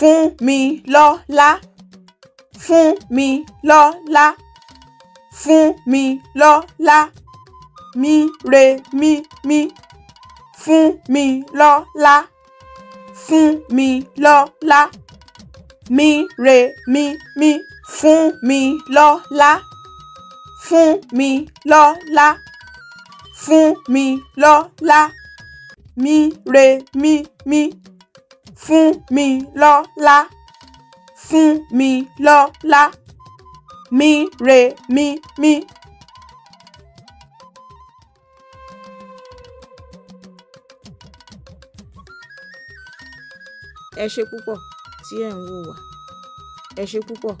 fún mi lọ́la fún mi lọ́la fún mi lọ́la mi re mi mi fún mi lọ́la fún mi lọ́la mi re mi mi fún mi lọ́la fún mi lọ́la fún mi lọ́la mi re mi mi fún mi lọ́la fún mi lọ́la mi re mi mi. ẹ ṣé púpọ̀ tí ẹ̀ ń wò wá ẹ ṣé púpọ̀